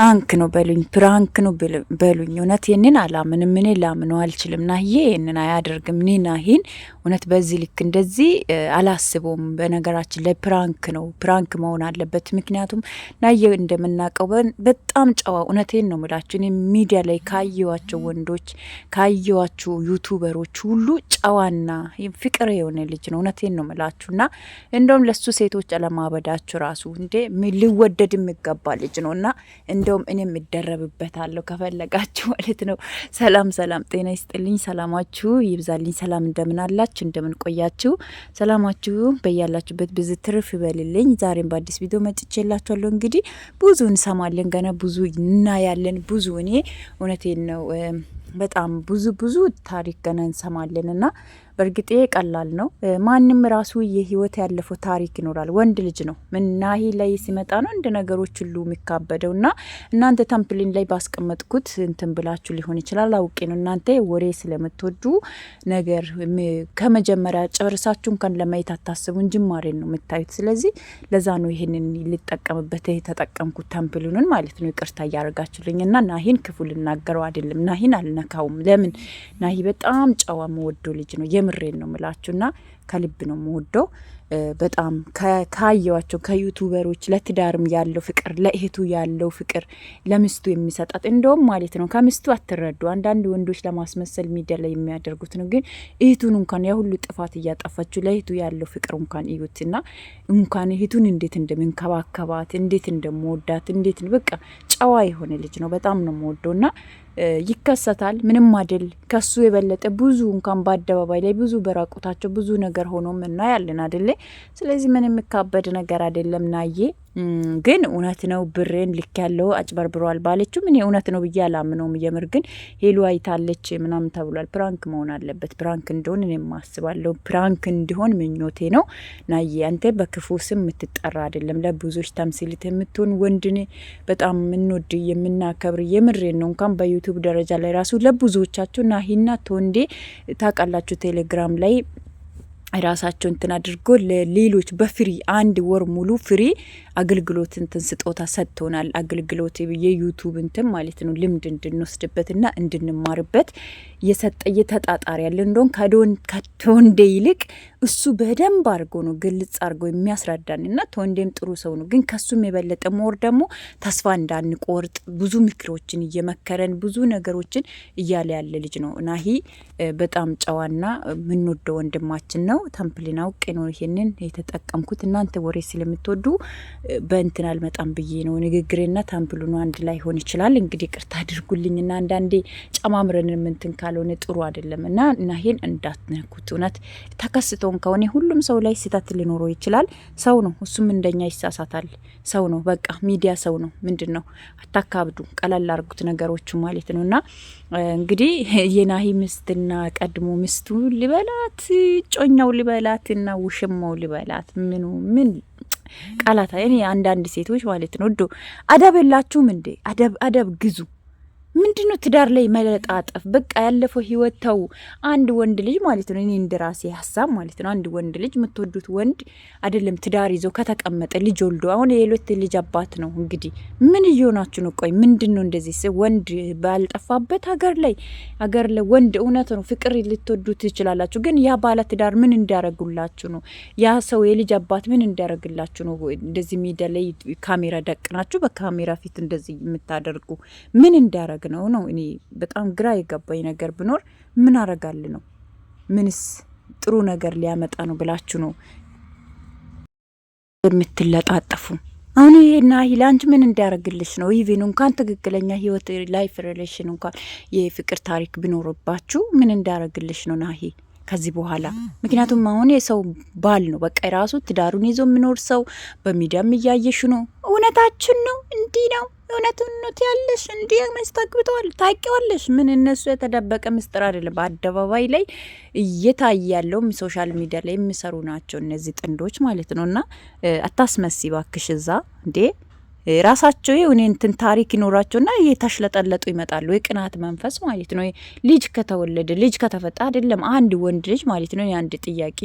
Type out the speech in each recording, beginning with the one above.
ፕራንክ ነው በሉኝ፣ ፕራንክ ነው በሉኝ። እውነት ይህንን አላምንም፣ እኔ ላምነው አልችልም። ናሂ ይህንን አያደርግም። እኔ ናሂን እውነት በዚህ ልክ እንደዚህ አላስበውም። በነገራችን ላይ ፕራንክ ነው፣ ፕራንክ መሆን አለበት። ምክንያቱም ናሂ እንደምናውቀው በጣም ጨዋ፣ እውነቴን ነው የምላችሁ። እኔ ሚዲያ ላይ ካየዋቸው ወንዶች ካየዋቸው ዩቱበሮች ሁሉ ጨዋና ፍቅር የሆነ ልጅ ነው። እውነቴን ነው የምላችሁ እና እንደውም ለሱ ሴቶች አለማበዳችሁ ራሱ እንዴ ሊወደድ የሚገባ ልጅ ነው እና እንደውም እኔም እደረብበታለሁ ከፈለጋችሁ ማለት ነው። ሰላም ሰላም፣ ጤና ይስጥልኝ፣ ሰላማችሁ ይብዛልኝ። ሰላም እንደምን አላችሁ? እንደምን ቆያችሁ? ሰላማችሁ በያላችሁበት ብዙ ትርፍ ይበልልኝ። ዛሬም በአዲስ ቪዲዮ መጥቼላችኋለሁ። እንግዲህ ብዙ እንሰማለን፣ ገና ብዙ እናያለን፣ ብዙ እኔ እውነቴን ነው በጣም ብዙ ብዙ ታሪክ ገና እንሰማለን እና በእርግጥ ቀላል ነው። ማንም ራሱ የህይወት ያለፈው ታሪክ ይኖራል። ወንድ ልጅ ነው ምናሂ ላይ ሲመጣ ነው እንደ ነገሮች ሁሉ የሚካበደው እና እናንተ ታምፕሊን ላይ ባስቀመጥኩት እንትን ብላችሁ ሊሆን ይችላል። አውቄ ነው እናንተ ወሬ ስለምትወዱ ነገር ከመጀመሪያ ጨርሳችሁ እንኳን ለማየት አታስቡን። ጅማሬን ነው የምታዩት። ስለዚህ ለዛ ነው ይህንን ልጠቀምበት የተጠቀምኩት ታምፕሊኑን ማለት ነው። ይቅርታ እያደረጋችሁልኝ እና ናሂን ክፉ ልናገረው አይደለም። ናሂን አልነካውም። ለምን ናሂ በጣም ጨዋ መወዶ ልጅ ነው። የምሬን ነው እና ከልብ ነው የምወደው። በጣም ካየዋቸው ከዩቱበሮች ለትዳርም ያለው ፍቅር፣ ለእህቱ ያለው ፍቅር፣ ለምስቱ የሚሰጣት እንደውም ማለት ነው ከምስቱ አትረዱ። አንዳንድ ወንዶች ለማስመሰል ሚዲያ ላይ የሚያደርጉት ነው። ግን እህቱን እንኳን ያሁሉ ጥፋት እያጠፋችሁ ለእህቱ ያለው ፍቅር እንኳን እዩትና እንኳን እህቱን እንዴት እንደምንከባከባት እንዴት እንደምወዳት እንዴት በቃ ጨዋ የሆነ ልጅ ነው። በጣም ነው እና ይከሰታል። ምንም አይደል። ከሱ የበለጠ ብዙ እንኳን በአደባባይ ላይ ብዙ በራቁታቸው ብዙ ነገር ሆኖ ምናያለን አደለ? ስለዚህ ምንም የሚካበድ ነገር አይደለም ናዬ ግን እውነት ነው ብሬን ልክ ያለው አጭበርብሯል ባለችው እኔ እውነት ነው ብዬ አላምነውም። የምር ግን ሄሉ አይታለች ምናምን ተብሏል። ፕራንክ መሆን አለበት። ፕራንክ እንደሆን እኔ ማስባለሁ። ፕራንክ እንዲሆን ምኞቴ ነው። ናዬ አንተ በክፉ ስም የምትጠራ አይደለም። ለብዙዎች ተምሳሌት የምትሆን ወንድኔ፣ በጣም የምንወድ የምናከብር፣ የምሬን ነው እንኳን በዩቱብ ደረጃ ላይ ራሱ ለብዙዎቻችሁ ናሂና ቶንዴ ታውቃላችሁ ቴሌግራም ላይ ራሳቸው እንትን አድርጎ ለሌሎች በፍሪ አንድ ወር ሙሉ ፍሪ አገልግሎት እንትን ስጦታ ሰጥቶናል። አገልግሎት የዩቱብ እንትን ማለት ነው ልምድ እንድንወስድበትና እንድንማርበት የሰጠ እየተጣጣሪ ያለ እንደሆን ከዶንዴ ይልቅ እሱ በደንብ አድርጎ ነው ግልጽ አድርጎ የሚያስረዳን እና ተወንዴም ጥሩ ሰው ነው። ግን ከሱም የበለጠ ሞር ደግሞ ተስፋ እንዳንቆርጥ ብዙ ምክሮችን እየመከረን ብዙ ነገሮችን እያለ ያለ ልጅ ነው። ናሂ በጣም ጨዋና የምንወደው ወንድማችን ነው። ተምፕሊን አውቄ ነው ይሄንን የተጠቀምኩት። እናንተ ወሬ ስለምትወዱ በእንትን አልመጣም ብዬ ነው። ንግግሬና ተምፕሉኑ አንድ ላይ ሆን ይችላል። እንግዲህ ቅርታ አድርጉልኝና አንዳንዴ ጨማምረን የምንትን ካልሆነ ጥሩ አይደለም እና ናሂን እንዳትነኩት እውነት ተከስቶ ሰውን ከሆነ ሁሉም ሰው ላይ ስህተት ሊኖረው ይችላል። ሰው ነው፣ እሱም እንደኛ ይሳሳታል። ሰው ነው፣ በቃ ሚዲያ ሰው ነው። ምንድን ነው አታካብዱ፣ ቀላል አርጉት ነገሮቹ ማለት ነው። እና እንግዲህ የናሂ ምስትና ቀድሞ ምስቱ ሊበላት ጮኛው ሊበላት እና ውሽማው ሊበላት ምኑ ምን ቃላት እኔ አንዳንድ ሴቶች ማለት ነው ዶ አደብ የላችሁም እንዴ? አደብ አደብ ግዙ ምንድነው ትዳር ላይ መለጣጠፍ? በቃ ያለፈው ህይወት ተው። አንድ ወንድ ልጅ ማለት ነው እኔ እንደራሴ ሀሳብ ማለት ነው አንድ ወንድ ልጅ የምትወዱት ወንድ አይደለም ትዳር ይዞ ከተቀመጠ ልጅ ወልዶ አሁን የሌሎት ልጅ አባት ነው እንግዲህ ምን እየሆናችሁ ነው? ቆይ ምንድን ነው እንደዚህ ወንድ ባልጠፋበት ሀገር ላይ ሀገር ላይ ወንድ እውነት ነው ፍቅር ልትወዱ ትችላላችሁ፣ ግን ያ ባለ ትዳር ምን እንዲያደርጉላችሁ ነው? ያ ሰው የልጅ አባት ምን እንዲያደርግላችሁ ነው? እንደዚህ ሚዲያ ላይ ካሜራ ደቅናችሁ በካሜራ ፊት እንደዚህ የምታደርጉ ምን እንዲያደርግ ነው ነው እኔ በጣም ግራ የገባኝ ነገር ብኖር ምን አረጋል ነው ምንስ ጥሩ ነገር ሊያመጣ ነው ብላችሁ ነው የምትለጣጠፉ? አሁን ይሄና ሂላንች ምን እንዲያደርግልሽ ነው? ኢቪን እንኳን ትክክለኛ ህይወት ላይፍ ሪሌሽን እንኳን የፍቅር ታሪክ ቢኖርባችሁ ምን እንዲያደርግልሽ ነው ናሂ ከዚህ በኋላ? ምክንያቱም አሁን የሰው ባል ነው በቃ የራሱ ትዳሩን ይዞ የሚኖር ሰው በሚዲያም እያየሽ ነው። እውነታችን ነው እንዲህ ነው እውነቱን ኖት ያለሽ እንዲህ መስታግብተዋል ታውቂዋለሽ። ምን እነሱ የተደበቀ ምስጢር አይደለም። በአደባባይ ላይ እየታየ ያለው ሶሻል ሚዲያ ላይ የሚሰሩ ናቸው እነዚህ ጥንዶች ማለት ነው። እና አታስመሲ ባክሽ እዛ እንዴ ራሳቸው የሆነ እንትን ታሪክ ይኖራቸውና እየተሽለጠለጡ ይመጣሉ። የቅናት መንፈስ ማለት ነው። ልጅ ከተወለደ ልጅ ከተፈጣ አይደለም አንድ ወንድ ልጅ ማለት ነው። አንድ ጥያቄ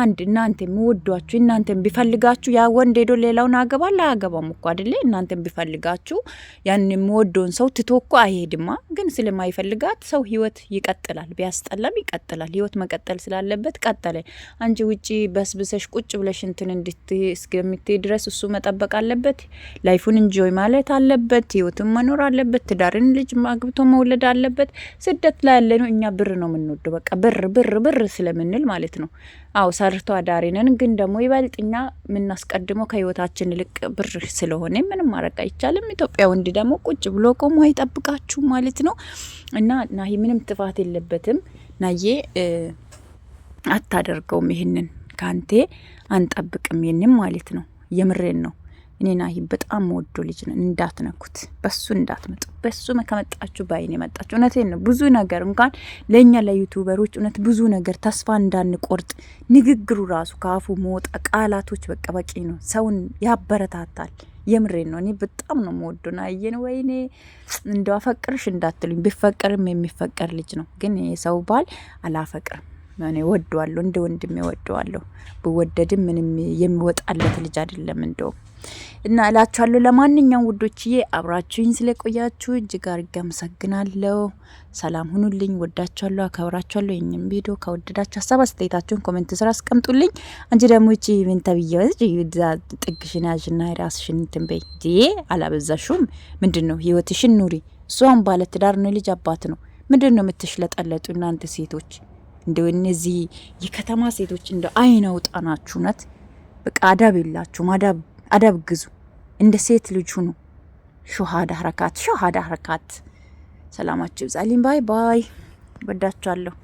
አንድ እናንተ የምወዷችሁ እናንተ ቢፈልጋችሁ ያ ወንድ ሄዶ ሌላውን አገባ አያገባም እኮ አደለ። እናንተ ቢፈልጋችሁ ያን የምወደውን ሰው ትቶ እኮ አይሄድማ። ግን ስለማይፈልጋት ሰው ህይወት ይቀጥላል። ቢያስጠላም ይቀጥላል። ህይወት መቀጠል ስላለበት ቀጠለ። አንቺ ውጪ በስብሰሽ ቁጭ ብለሽ እንትን እንድት እስከምትሄድ ድረስ እሱ መጠበቅ አለበት። ላይፉን እንጆይ ማለት አለበት። ህይወትን መኖር አለበት። ትዳርን ልጅ አግብቶ መውለድ አለበት። ስደት ላይ ያለ ነው እኛ ብር ነው የምንወደው። በቃ ብር ብር ብር ስለምንል ማለት ነው። አዎ ሰርቶ አዳሪ ነን፣ ግን ደግሞ ይበልጥ እኛ የምናስቀድመው ከህይወታችን ልቅ ብር ስለሆነ ምንም ማድረግ አይቻልም። ኢትዮጵያ ወንድ ደግሞ ቁጭ ብሎ ቆሞ አይጠብቃችሁ ማለት ነው። እና ናሂ ምንም ጥፋት የለበትም። ናዬ አታደርገውም ይህንን ካንቴ አንጠብቅም ይህንም ማለት ነው። የምሬን ነው። እኔና ይህ በጣም ወዶ ልጅ ነው። እንዳትነኩት፣ በሱ እንዳትመጡ። በሱ ከመጣችሁ ባይን የመጣችሁ እውነቴን ነው። ብዙ ነገር እንኳን ለእኛ ለዩቱበሮች እውነት ብዙ ነገር ተስፋ እንዳንቆርጥ ንግግሩ ራሱ ከአፉ መወጣ ቃላቶች በቃ በቂ ነው። ሰውን ያበረታታል። የምሬን ነው። እኔ በጣም ነው መወዱና አየን። ወይኔ እንደው አፈቅርሽ እንዳትሉኝ፣ ቢፈቅርም የሚፈቀር ልጅ ነው። ግን የሰው ባል አላፈቅርም እኔ ወደዋለሁ፣ እንደ ወንድሜ ወደዋለሁ። ብወደድም ምንም የሚወጣለት ልጅ አይደለም እንደውም እና እላችኋለሁ። ለማንኛውም ውዶችዬ አብራችሁኝ ስለቆያችሁ እጅግ አድርጌ አመሰግናለሁ። ሰላም ሁኑልኝ። ወዳችኋለሁ፣ አከብራችኋለሁ። ይህንም ቪዲዮ ከወደዳችሁ ሀሳብ አስተያየታችሁን ኮሜንት ስራ አስቀምጡልኝ። አንቺ ደግሞ እቺ ምን ተብዬ ጥግሽን ያዥና ራስሽን እንትን በይ ዲዬ አላበዛሹም። ምንድን ነው ህይወትሽን ኑሪ። እሷም ባለ ትዳር ነው፣ ልጅ አባት ነው። ምንድን ነው የምትሽለጠለጡ እናንተ ሴቶች? እንደ እነዚህ የከተማ ሴቶች እንደ አይነ ውጣናችሁ ነት በቃ አዳብ የላችሁም። አዳብ ግዙ። እንደ ሴት ልጅ ሁኑ። ሹሃዳ ሀረካት ሹሃዳ ሀረካት። ሰላማችሁ ይብዛልኝ። ባይ ባይ። ወዳችኋለሁ።